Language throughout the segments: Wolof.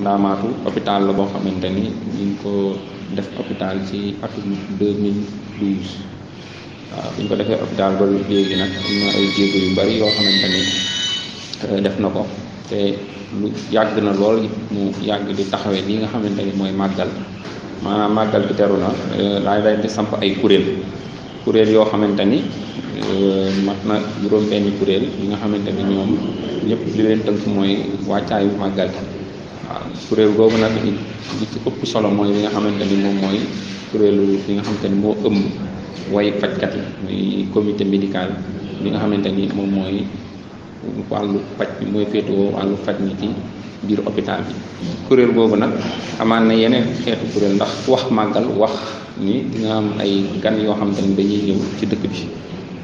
ndaamaatu hôpital la boo xamante ni ñu ko def hôpital ci atum 2012 waaw bi ko defee hôpital ba léegi nag am na ay jéego yu bari yoo xamante ni euh, def na ko te lu yàgg na lool mu yàgg di taxawee li nga xamante ni mooy màggal maanaam màggal bi teru na euh, laay day di samp ay kuréel kuréel yoo xamante ni euh, mat na juróom benni kuréel yi nga xamante ni ñoom ñëpp li leen tënk mooy wàccaayu màggal waaw kuréel googu nag li ci ëpp solo mooy li nga xamante ni moom mooy kuréelu bi nga xamante ni moo ëmb way fajkat yi muy médical bi nga xamante ni moom mooy wàllu faj bi mooy féetewoo wàllu faj mi ci biir hôpital bi kuréel googu nag amaan na yeneen xeetu kuréel ndax wax màggal wax ni dina am ay gan yoo xamante ni dañuy ñëw ci dëkk bi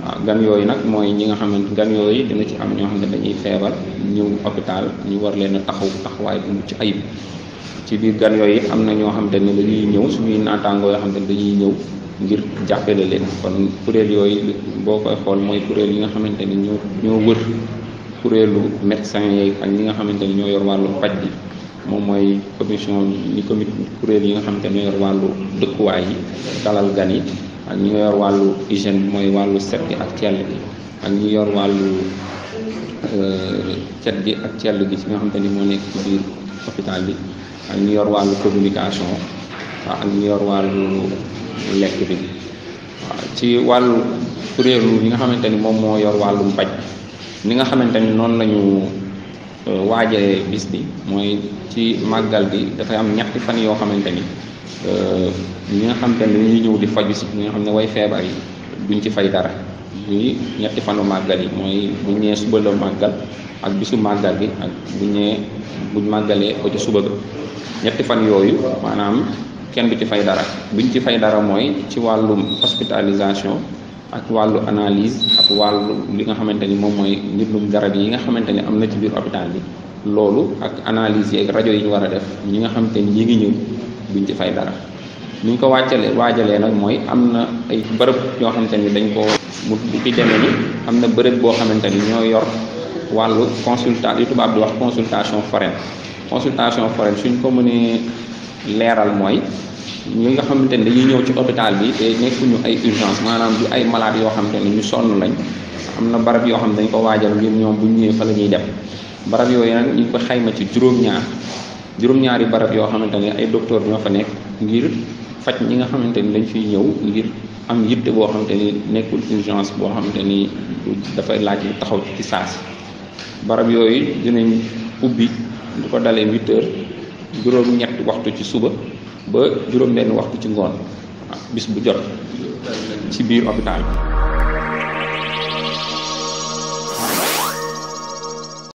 waaw ah, gan yooyu nag mooy ñi nga xamante gan yooyu dina ci am ñoo xam ne dañuy feebar ñëw hôpital ñu war leen a taxaw taxawaay bu mucc ayib ci biir gan yooyu am na ñoo xamante ne dañuy ñëw suñuy naataangoo yoo xam ne dañuy ñëw ngir jàppale leen kon kuréel yooyu boo koy xool mooy kuréel yi nga xamante ne ñoo ñoo wër kuréelu médecin yeeg ak ñi nga xamante ne ñoo yor wàllu paj bi moom mooy commission ni comité kuréel yi nga xamante ne ñoo yor wàllu dëkkuwaay yi dalal gan yi ak ñu yor wàllu hygiène bi mooy wàllu set bi ak cell bi ak ñu yor wàllu euh, cet bi ak cell gi ci nga xamante ni moo nekk ci biir hôpital bi ak ñu yor wàllu communication waaw ak ñu yor wàllu lekk bi waaw ci wàllu kuréelu ñi nga xamante ni moom moo yor wàllum paj ni nga xamante ni lañu Euh, waajalee bis bi mooy ci màggal bi dafay am ñetti fan yoo xamante ni euh, ñi nga xamante ni dañuy ñëw di faju si ñi nga xam ne way feebar yi duñ ci fay dara muy ñetti fanu màggal yi mooy buñ nee suba la màggal ak bisu màggal bi ak buñ nee buñ màggalee ko ci suba ga ñetti fan yooyu maanaam kenn du ci fay dara buñ ci fay dara mooy ci wàllum hospitalisation ak wàllu analyse ak wàllu li nga xamante ni moom mooy njëndum garab yi nga xamante ni am na ci biir hôpital bi loolu ak analyse yeeg rajo yi ñu war a def ñi nga xamante ni ñi ngi ñëw duñ ci dara ni ko wàccalee waajalee nag mooy am na ay bërëb yoo xamante ni dañ ko mu bu ci demee ni am na bërëb boo xamante ni ñoo yor wàllu consultat li tubaab di wax consultation foraine consultation foraine suñ ko mënee leeral mooy ñi nga xamante ne dañuy ñëw ci hôpital bi te nekkuñu ay urgence maanaam du ay malade yoo xamante ne ñu sonn lañ am na barab yoo xam ne dañ ko waajal ngir ñoom bu ñu ñëwee fa la ñuy dem barab yooyu nag ñu ko xayma ci juróom-ñaar juróom-ñaari barab yoo xamante ni ay docteur ñoo fa nekk ngir faj ñi nga xamante ni dañ fiy ñëw ngir am yitte boo xamante ni nekkul urgence boo xamante ni dafay laaj taxaw ci saa si barab yooyu dinañ ubbi du ko dalee huit heures juróom ñett waxtu ci suba ba juróom benn waxtu ci ngoon bis bu jot ci biir hôpital bi